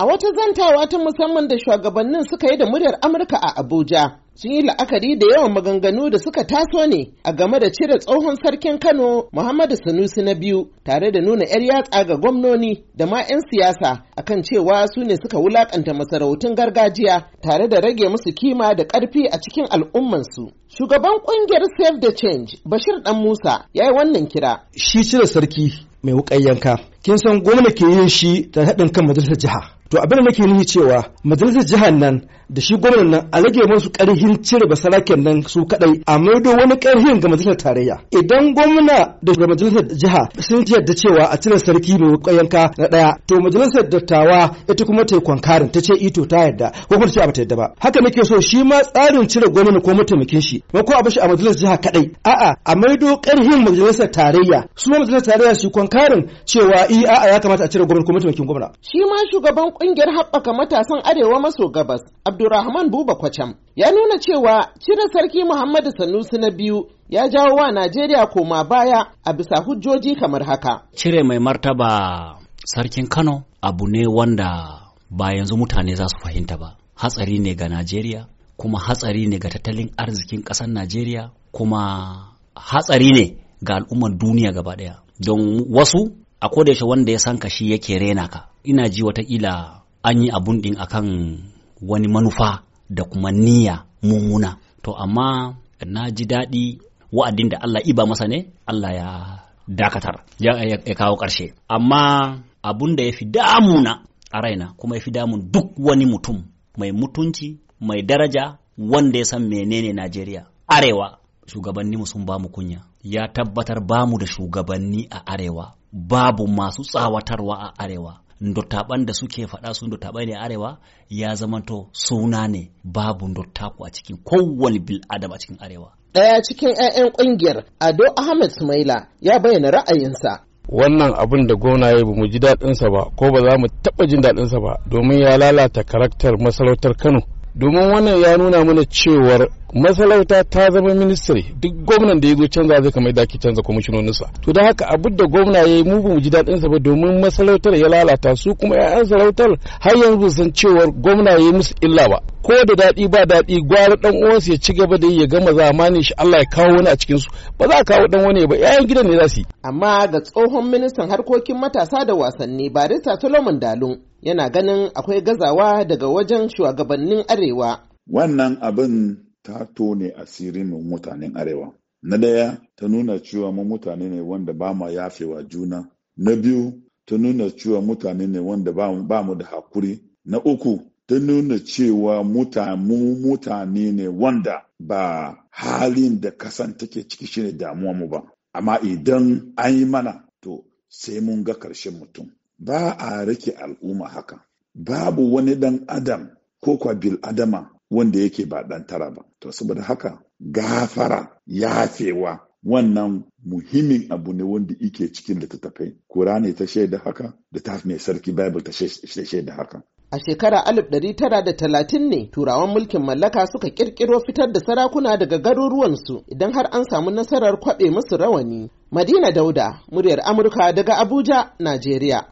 A wata zantawa ta musamman da shugabannin suka yi da muryar Amurka a Abuja, sun yi la'akari da yawan maganganu da suka taso ne a game da cire tsohon sarkin Kano Muhammadu Sanusi na biyu tare da nuna 'yar yatsa ga gwamnoni da ma 'yan siyasa akan cewa su ne suka wulaƙanta masarautun gargajiya tare da rage musu kima da ƙarfi a cikin al'ummansu. Shugaban ƙungiyar Save the Change, Bashir Dan Musa, ya yi wannan kira. Shi cire sarki mai wuƙayyanka. Kin san gwamna ke yin shi ta haɗin kan majalisar jiha. to abin da nake nihi cewa majalisar jihar nan da shi gwamnan nan a rage musu karhin cire basaraken nan su kadai a maido wani karhin ga majalisar tarayya idan gwamna da majalisar jiha sun yarda cewa a cire sarki mai kwayanka na daya to majalisar dattawa ita kuma ta yi kwankarin ta ce ito ta yarda ko kuma ta ce ba ta yarda ba haka nake so shi ma tsarin cire gwamna ko mataimakin shi ba ko a bashi a majalisar jiha kadai a'a a maido karhin majalisar tarayya su ma majalisar tarayya su kwankarin cewa i eh, a'a ya kamata a cire gwamna ko mataimakin gwamna shi ma shugaban kungiyar haɓaka matasan arewa maso gabas Abdurrahman Buba Kwacham ya nuna cewa cire sarki Muhammadu Sanusi na biyu ya jawo wa Najeriya koma baya a bisa hujjoji kamar haka. Cire mai martaba sarkin Kano abu ne wanda ba yanzu mutane za su fahimta ba. Hatsari ne ga Najeriya kuma hatsari ne ga tattalin arzikin ƙasar Najeriya kuma hatsari ne ga al'ummar duniya gaba ɗaya. Don wasu a koda yaushe wanda ya san ka shi yake rena ka ina ji watakila an yi abun din akan wani manufa da kuma niyya mummuna to amma na ji daɗi wa'adin da Allah iba masa ne Allah ya dakatar ya, kawo ƙarshe amma abun da ya fi damuna a raina kuma ya fi damun duk wani mutum mai mutunci mai daraja wanda ya san menene Najeriya arewa shugabanni mu sun bamu kunya ya tabbatar bamu da shugabanni a arewa babu masu tsawatarwa a arewa dottaban da suke faɗa sun dottabai ne arewa ya zamanto suna ne babu ndottaku a cikin kowane bil'adama a cikin arewa ɗaya cikin 'ya'yan ƙungiyar ado ahmed smaila ya bayyana ra'ayinsa wannan abin da gwamna ya mu ji daɗinsa ba ko ba za mu taɓa jin daɗinsa ba domin ya lalata karaktar masarautar kano domin wannan ya nuna mana cewar masalauta ta zama ministry duk gwamnan da ya zo canza zai kamar da ake canza kwamishinoninsa to da haka abin da gwamna ya yi mu ji daɗin sa ba domin masalautar ya lalata su kuma 'ya'yan sarautar har yanzu san cewar gwamna ya yi musu illa ba ko da daɗi ba daɗi gwara ɗan uwansu ya ci gaba da yi ya gama zamani shi Allah ya kawo wani a cikin su ba za a kawo ɗan wani ba 'ya'yan gidan ne za su yi amma ga tsohon ministan harkokin matasa da wasanni barista Solomon Dalun yana ganin akwai gazawa daga wajen shugabannin arewa. Wannan abin ta tone asirin mutanen arewa. Na daya ta nuna cewa mu mutane ne wanda ba mu yafewa juna. Na biyu ta nuna cewa mutane ne wanda ba mu da hakuri. Na uku ta nuna cewa mu mutane ne wanda ba halin da kasan take ciki shine damuwa mu ba. Amma idan an yi mana to sai mun ga ƙarshen mutum. ba a rike al'umma haka babu wani dan adam ko kwa bil adama wanda yake ba dan tara ba to saboda haka gafara yafewa wannan muhimmin abu ne wanda ike cikin littattafai kurani ta shaida haka da ta mai sarki bible ta shaida haka A shekara 1930 ne turawan mulkin mallaka suka kirkiro fitar da sarakuna daga garuruwansu idan har an samu nasarar kwaɓe musu rawani. Madina Dauda, muryar Amurka daga Abuja, Najeriya.